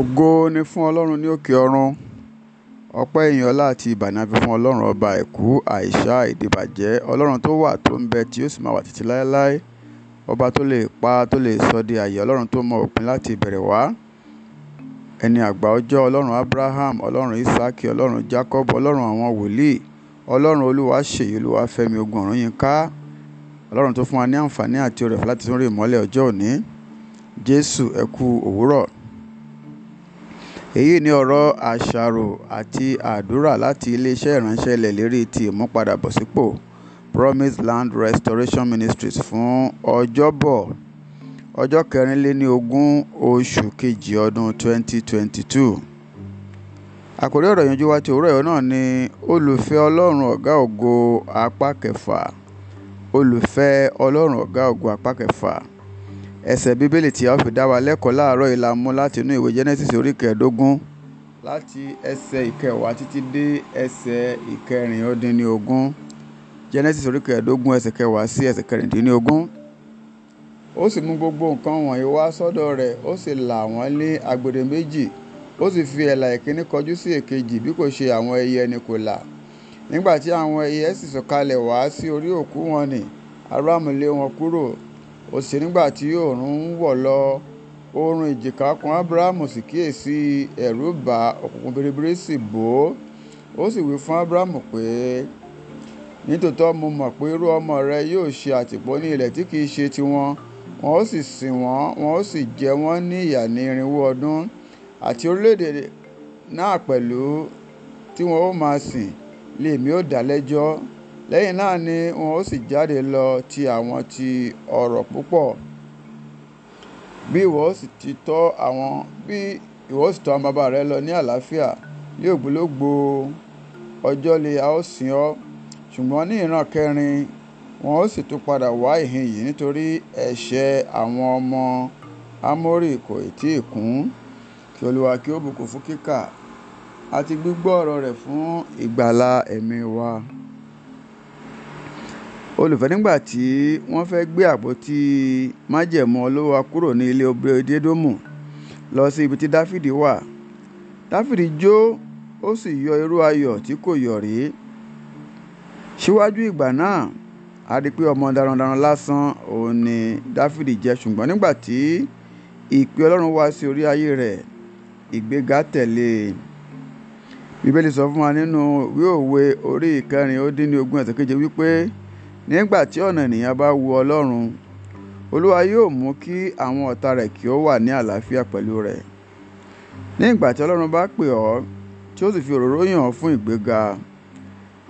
ògo ni fún ọlọ́run ní òkè ọ̀run ọpẹ́ ìyìn ọlá àti ìbà ni a fi fún ọlọ́run ọba àìkú àìṣá ìdìbàjẹ́ ọlọ́run tó wà tó ń bẹ tí ó sì máa wà títí láéláé ọba tó lè pa tó lè sọ di àyè ọlọ́run tó mọ òpin láti ìbẹ̀rẹ̀ wá ẹni àgbà ọjọ́ ọlọ́run abraham ọlọ́run isaki ọlọ́run jacob ọlọ́run àwọn wòlíì ọlọ́run olúwa ṣèyí olúwa fẹ́mi ogun ọ̀run yín ká ọlọ́run tó fún wa ní àǹfààní àti oore láti tún rí ìmọ́lẹ̀ ọjọ́ òní jésù ẹ òwúrọ̀ Èyí ni ọ̀rọ̀ àṣàrò àti àdúrà láti iléeṣẹ́ ìránṣẹ́ ilẹ̀ ìlérí ti ìmúpadàbọ̀sípò Promise Land Restoration Ministries fún Ọjọ́bọ̀ ọjọ́ kẹrìnlélógún oṣù kejì ọdún twenty twenty two. Àkórí ọ̀rọ̀ ìyànjú wa ti òwúrọ̀ yìí náà ni olùfẹ́ Ọlọ́run ọ̀gá ògo apá kẹfà. Olùfẹ́ Ọlọ́run ọ̀gá ògo apá kẹfà ẹsẹ̀ bíbélì tí a fi dá wa lẹ́kọ̀ọ́ láàárọ̀ yìí la mú láti inú ìwé genesis orí kẹẹ̀ẹ́dógún láti ẹsẹ̀ ìkẹwàá títí dé ẹsẹ̀ ìkẹrìndínlógún genesis orí kẹẹ̀ẹ́dógún ẹsẹ̀ kẹwàá sí ẹsẹ̀ kẹrìndínlógún ó sì mú gbogbo nǹkan wọ̀nyí wá sọ́dọ̀ rẹ̀ ó sì là wọ́n ní agbede méjì ó sì fi ẹ̀là ìkíní kọjú sí èkejì bí kò ṣe àwọn ẹyẹ ni kò là nígbà tí àwọn ẹyẹ sì sọ̀kalẹ̀ wá sí orí òkú wọn ni Árámù lé wọn kúrò ó sì nígbà tí oòrùn ń wọ̀ lọ oorun ìjìká kan ábúráhámù sì kíyèsí ẹ̀rù bà òkùnkùn biribiri sì bò ó ó sì wí fún ábúráhámù pé nítòótọ́ mo mọ̀ pé irú ọmọ rẹ yóò ṣe àtìpó ní ilẹ̀ tí kìí ṣe tiwọn wọn ó sì sìn wọ́n wọn ó sì jẹ wọ́n ní ìyà ní irinwó ọdún àti orílẹ̀-èdè náà pẹ̀lú tí wọn ó máa sìn lèmi ó dá lẹ́jọ́ lẹ́yìn náà ni wọn ó sì jáde lọ ti àwọn ti ọrọ̀ púpọ̀ bí ìwọ ó sì ti tọ́ àwọn bí ìwọ ó sì tọ́ àwọn bàbá rẹ lọ ní àlàáfíà ní ògbólógbò ọjọ́ lè a ó sìn ọ́ ṣùgbọ́n ní ìran kẹrin wọn ó sì tún padà wá ìhìn yìí nítorí ẹ̀ṣẹ̀ àwọn ọmọ Ámórì kò tí ì kún kí Olúwa kí ó bùkún fún kíkà àti gbígbọ́ ọ̀rọ̀ rẹ̀ fún ìgbàlà ẹ̀mí wa olùfẹ́ nígbà tí wọ́n fẹ́ gbé àpótí májẹ̀mú olówó kúrò ní ilé obedédómù lọ sí ibi tí dáfídì wà dáfídì jó ó sì yọ irú ayọ̀ tí kò yọ̀ rí síwájú ìgbà náà a rí i pé ọmọ darandaran lásán òun ni dáfídì jẹ́ ṣùgbọ́n nígbà tí ìpè ọlọ́run wá sí orí ayé rẹ̀ ìgbéga tẹ̀lé e. bíbélì sọ fún wa nínú ìwé òwe orí ìkẹrin ó dín ní ogún ẹsẹ̀ keje wípé Nígbà tí ọ̀nà ènìyàn bá wu Ọlọ́run, Olúwa yóò mú kí àwọn ọ̀tá rẹ̀ kí ó wà ní àlàáfíà pẹ̀lú rẹ̀. Ní ìgbà tí Ọlọ́run bá pè ọ́, tí ó sì fi òróró yàn ọ́ fún ìgbéga,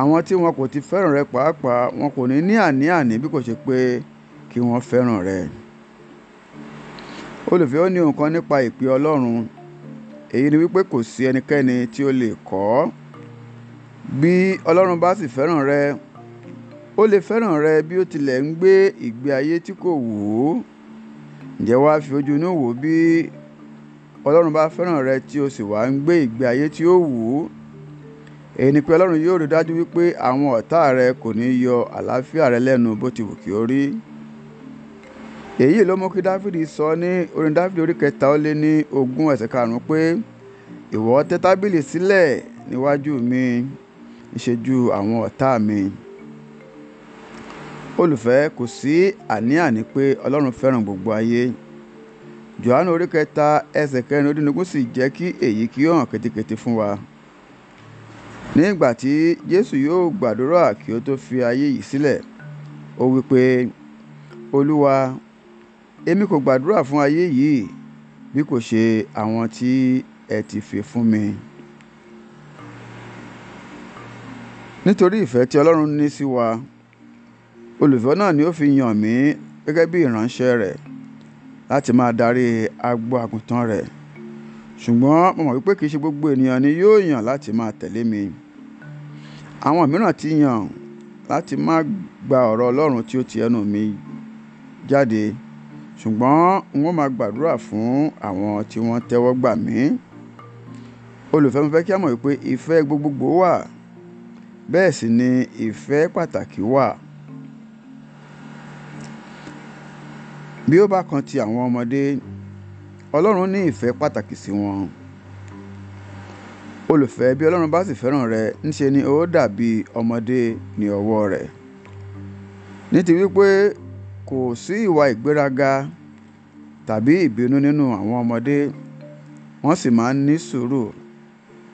àwọn tí wọn kò ti fẹ́ràn rẹ pàápàá wọn kò ní ní àní-àní bí kò ṣe pé kí wọ́n fẹ́ràn rẹ. Olùfẹ́ ó ní ohun nípa ìpè Ọlọ́run, èyí ni wípé kò sí ẹnikẹ́ni tí ó lè kọ̀ Bí Ọlọ́run bá sì fẹ́ràn rẹ, Ó lè fẹ́ràn rẹ bí ó tilẹ̀ ń gbé ìgbé ayé tí kò wù ú. Ǹjẹ́ wàá fi ojú inú wò bí Ọlọ́run bá fẹ́ràn rẹ tí o sì wà ń gbé ìgbé ayé tí ó wù ú? Èyí ni pé Ọlọ́run yóò rí dájú wípé àwọn ọ̀tá rẹ kò ní yọ àlàáfíà rẹ lẹ́nu bó ti wù kí ó rí. Èyí ló mú kí Dáfídì sọ ní orin Dáfídì orí kẹta ó lé ní ogún ẹsẹ̀ karùn pé, Ìwọ tẹ tábìlì sílẹ̀ níwájú mi, níṣẹ́jú àwọn ọ̀tá mi olùfẹ́ kò sí àní-àní pé ọlọ́run fẹ́ràn gbogbo ayé johannu orí kẹta ẹsẹ̀ kẹrin ọdúnnìkún sì jẹ́ kí èyí kí ó hàn ketekete fún wa nígbà tí jésù yóò gbàdúrà kí ó tó fi ayé yìí sílẹ̀ ó wí pé olúwa èmi kò gbàdúrà fún ayé yìí bí kò ṣe àwọn tí ẹ ti fi fún mi. nítorí ìfẹ́ tí ọlọ́run ní sí wa. Si olùfẹ́ náà ni ó fi yàn mí gẹ́gẹ́ bí ìránṣẹ́ rẹ̀ láti máa darí agbo àgùntàn rẹ̀ ṣùgbọ́n mo mọ̀ wípé kìí ṣe gbogbo ènìyàn ni yóò yàn láti máa tẹ̀lé mi àwọn mìíràn ti yàn láti má gba ọ̀rọ̀ ọlọ́run tí ó ti ẹnu mi jáde ṣùgbọ́n n ó máa gbàdúrà fún àwọn tí wọ́n tẹ́wọ́ gbà mí olùfẹ́ mo fẹ́ kí a mọ̀ wípé ìfẹ́ gbogbogbò wà bẹ́ẹ̀ sì ni ìfẹ́ pàtàkì wà. Bí ó bá kan ti àwọn ọmọdé, Ọlọ́run ní ìfẹ́ pàtàkì sí wọn. Olùfẹ́ bí Ọlọ́run bá sì fẹ́ràn rẹ, ńṣe ni ó dàbí ọmọdé ní ọwọ́ rẹ̀. Ní ti wípé kò sí ìwà ìgbéraga tàbí ìbínú nínú àwọn ọmọdé, wọ́n sì máa ń ní sùúrù.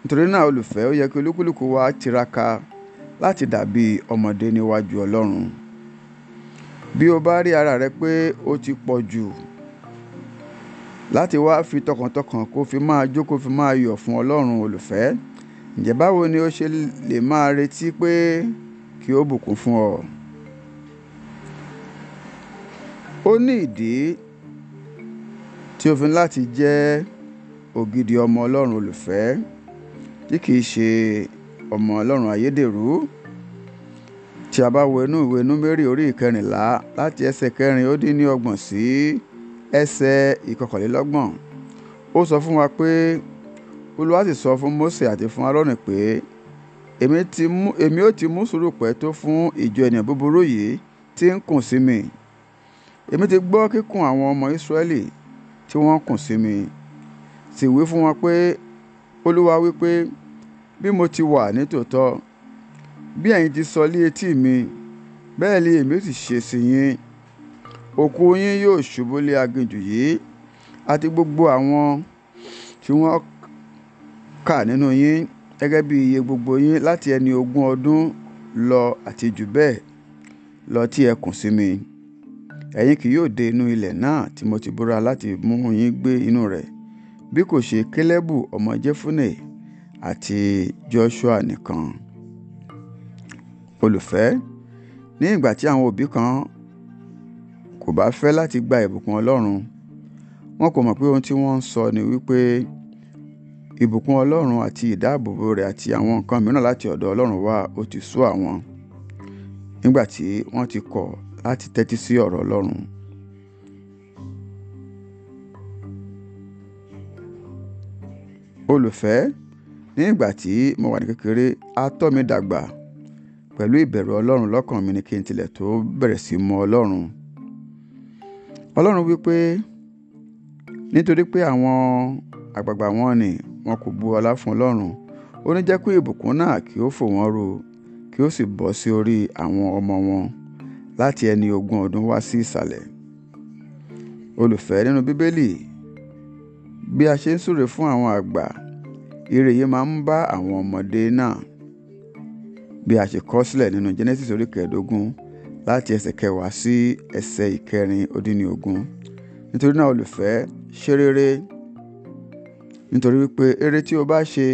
Nítorí náà olùfẹ́ ó yẹ kí olúkúlùkù wa tiraka láti dàbí ọmọdé níwájú Ọlọ́run. bí o bá rí ara rẹ pé ó ti pọ̀ jù láti wá fi tọkàntọkàn kó fi máa jó kó fi máa yọ̀ fún ọlọ́run olùfẹ́ ǹjẹ́ báwo ni ó ṣe lè máa retí pé kí ó bùkún fún ọ. ó ní ìdí tí ó fi láti jẹ́ ògidì ọmọ ọlọ́run olùfẹ́ tí kìí ṣe ọmọ ọlọ́run ayédèrú tí a bá wo inú ìwé númérì orí ìkẹrìnlá láti ẹsẹ̀ kẹrin ó dín ní ọgbọ̀n sí ẹsẹ̀ ìkọkànlélọ́gbọ̀n ó sọ fún wa pé olúwa sì sọ fún Mósè àti fún Áárónì pé èmi ó ti mú sùúrù pẹ́ tó fún ìjọ ènìyàn búburú yìí tí ń kùn sí mi èmi ti gbọ́ kíkùn àwọn ọmọ Ísírẹ́lì tí wọ́n kùn sí mi sì wí fún wọn pé olúwa wí pé bí mo ti wà nítòótọ́ Bí ẹ̀yin ti sọ lé etí mi, bẹ́ẹ̀ ni èmi ó sì ṣe sí yín. Òkú yín yóò ṣubú lé aginjù yìí, àti gbogbo àwọn tí wọ́n kà nínú yín gẹ́gẹ́ bí iye gbogbo yín láti ẹni ogún ọdún lọ àti jù bẹ́ẹ̀ lọ tí ẹ kùn sí mi. Ẹ̀yin kì yóò dé inú ilẹ̀ náà tí mo ti búra láti mú yín gbé inú rẹ̀, bí kò ṣe Kalebu ọmọ Jefunne àti Joṣua nìkan. Olùfẹ́, ní ìgbà tí àwọn òbí kan kò bá fẹ́ láti gba ìbùkún Ọlọ́run, wọn kò mọ̀ pé ohun tí wọ́n ń sọ ni wípé ìbùkún Ọlọ́run àti ìdáàbòbò rẹ̀ àti àwọn nǹkan mìíràn láti ọ̀dọ̀ Ọlọ́run wá ó ti sú àwọn nígbà tí wọ́n ti kọ̀ láti tẹ́tí sí ọ̀rọ̀ Ọlọ́run. Olùfẹ́, ní ìgbà tí mo wà ní kékeré, a tọ́ mi dàgbà pẹ̀lú ìbẹ̀rù ọlọ́run lọ́kàn mi ni kí n tilẹ̀ tó bẹ̀rẹ̀ sí mọ ọlọ́run ọlọ́run wípé nítorí pé àwọn àgbààgbà wọn ni wọn kò bu ọlá fún ọlọ́run ó ní jẹ́ kó ìbùkún náà kí ó fò wọ́n ru kí ó sì bọ́ sí orí àwọn ọmọ wọn láti ẹni ogún ọdún wá sí ìsàlẹ̀ olùfẹ́ nínú bíbélì bí a ṣe ń súre fún àwọn àgbà ire yìí máa ń bá àwọn ọmọdé náà bí a ṣe kọ sílẹ̀ nínú Genesis orí kẹẹ̀ẹ́dógún láti ẹsẹ̀ kẹwàá sí ẹsẹ̀ ìkẹrin ó dín ní ogún nítorí náà olùfẹ́ ṣe rere nítorí wípé eré tí o bá ṣe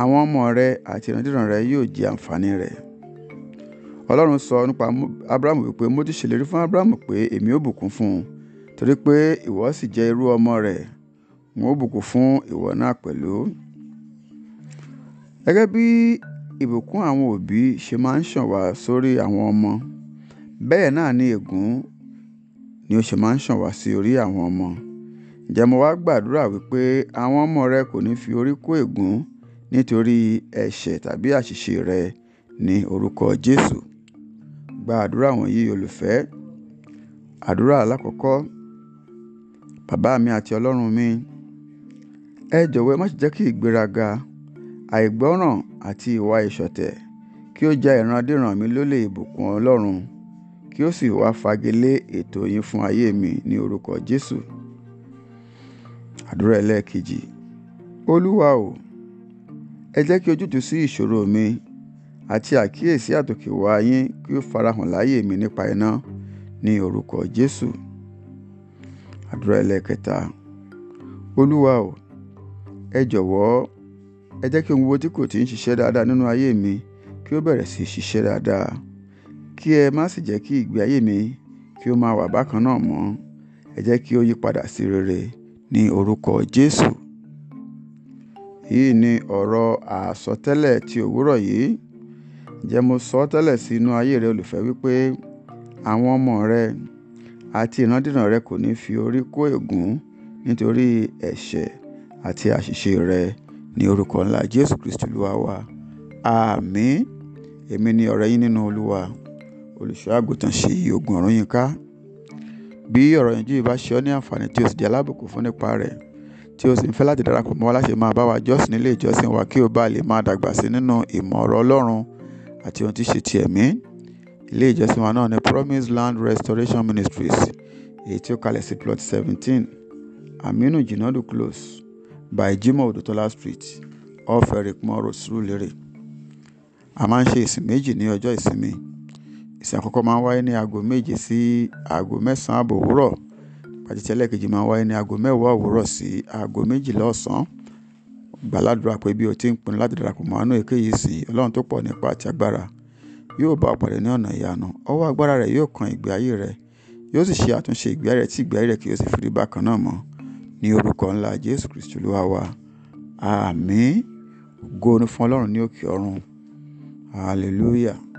àwọn ọmọ rẹ àti ìrandíran rẹ yóò jẹ àǹfààní rẹ̀ ọlọ́run sọ nípa abrahamu wípé mo ti ṣèlérí fún abrahamu pé èmi ó bùkún fún un torí pé ìwọ sì jẹ́ irú ọmọ rẹ̀ n ó bùkún fún ìwọ náà pẹ̀lú. gẹ́gẹ́ bí ìbùkún àwọn òbí ṣe máa ń ṣàn wá sórí àwọn ọmọ, bẹ́ẹ̀ náà ni ègún ni ó ṣe máa ń ṣàn wá sí orí àwọn ọmọ. Ǹjẹ́ mo wá gbàdúrà wípé àwọn ọmọ rẹ kò ní fi orí kó ègún nítorí ẹ̀ṣẹ̀ tàbí àṣìṣe rẹ ní orúkọ Jésù. Gba àdúrà wọ̀nyí olùfẹ́. Àdúrà alákọ́kọ́. Baba mi àti Ọlọ́run mi, ẹ jọ̀wọ́ ẹ má ṣe jẹ́ kí ìgbéraga àìgbọràn àti ìwà ìṣọ̀tẹ̀ kí ó ja ìrandíran mi lólè ìbùkún ọlọ́run kí ó sì wá fagilé ètò yín fún ayé mi ní orúkọ jésù àdúrà ẹlẹ́ẹ̀kejì olúwa o ẹ jẹ́ kí ojútùú sí ìṣòro mi àti àkíyèsí àtòkèwá yín kí ó farahàn láyé mi nípa iná ní orúkọ jésù àdúrà ẹlẹ́ẹ̀kẹta olúwa o ẹ jọ̀wọ́ ẹ jẹ́ kí ohun gbogbo tí kò ti ń ṣiṣẹ́ dáadáa nínú ayé mi kí ó bẹ̀rẹ̀ sí í ṣiṣẹ́ dáadáa kí ẹ má sì jẹ́ kí ìgbé ayé mi kí ó máa wà bákan náà mọ́ ẹ jẹ́ kí ó yí padà sí rere ní orúkọ Jésù yìí ni ọ̀rọ̀ àsọtẹ́lẹ̀ ti òwúrọ̀ yìí ǹjẹ́ mo sọ tẹ́lẹ̀ sí inú ayé rẹ olùfẹ́ wípé àwọn ọmọ rẹ àti ìrandíran rẹ kò ní fi orí kó ègún nítorí ẹ̀ṣẹ̀ àti àṣìṣe rẹ ní orúkọ ńlá Jésù Kristi Olúwa wa àmín èmi ni ọ̀rẹ́ yín nínú Olúwa olùṣọ́ àgùntàn ṣe ogun ọ̀run yín ká bí ọ̀rọ̀ yẹn jíì bá ṣe ọ́ ní àǹfààní tí o sì di alábùkún fún nípa rẹ̀ tí o sì ń fẹ́ láti darapọ̀ mọ́ wa láṣẹ máa bá wa jọ́sìn nílé ìjọsìn wa kí o bá lè máa dàgbà sí nínú ìmọ̀ ọ̀rọ̀ Ọlọ́run àti ohun tí ṣe ti ẹ̀mí ilé ìjọsìn wa náà ni Promise Land Restoration Ministries èyí tí ó kalẹ̀ sí plot seventeen Aminu Jinadu Close by Jimoh Odutola Street off Erikmor Road Surulere a máa ń ṣe ìsìn méjì ní ọjọ́ ìsinmi ìsìn àkọ́kọ́ máa ń wáyé ní aago méje sí aago mẹ́sàn-án àbọ̀ òwúrọ̀ pàtẹ́tẹ́ ẹlẹ́ẹ̀kejì máa ń wáyé ní aago mẹ́wàá òwúrọ̀ sí aago méjìlá ọ̀sán gbàládùra pé bí o ti ń pinnu láti darapọ̀ mọ́ àánú èké yìí sí ọlọ́run tó pọ̀ nípa àti agbára yóò bá ọ ní ọ̀nà ìyanu ọwọ́ agbára rẹ̀ yóò kan ìgbé ayé rẹ̀ yóò sì ṣe àtúnṣe ìgbé ayé rẹ̀ tí ìgbé ayé rẹ̀ kì yóò sì fi rí bákan náà mọ́ Ní orúkọ ńlá Jésù Kristi Olúwa wa. Àmín. Ògo ni fún Ọlọ́run ní òkè ọ̀run. Hallelujah.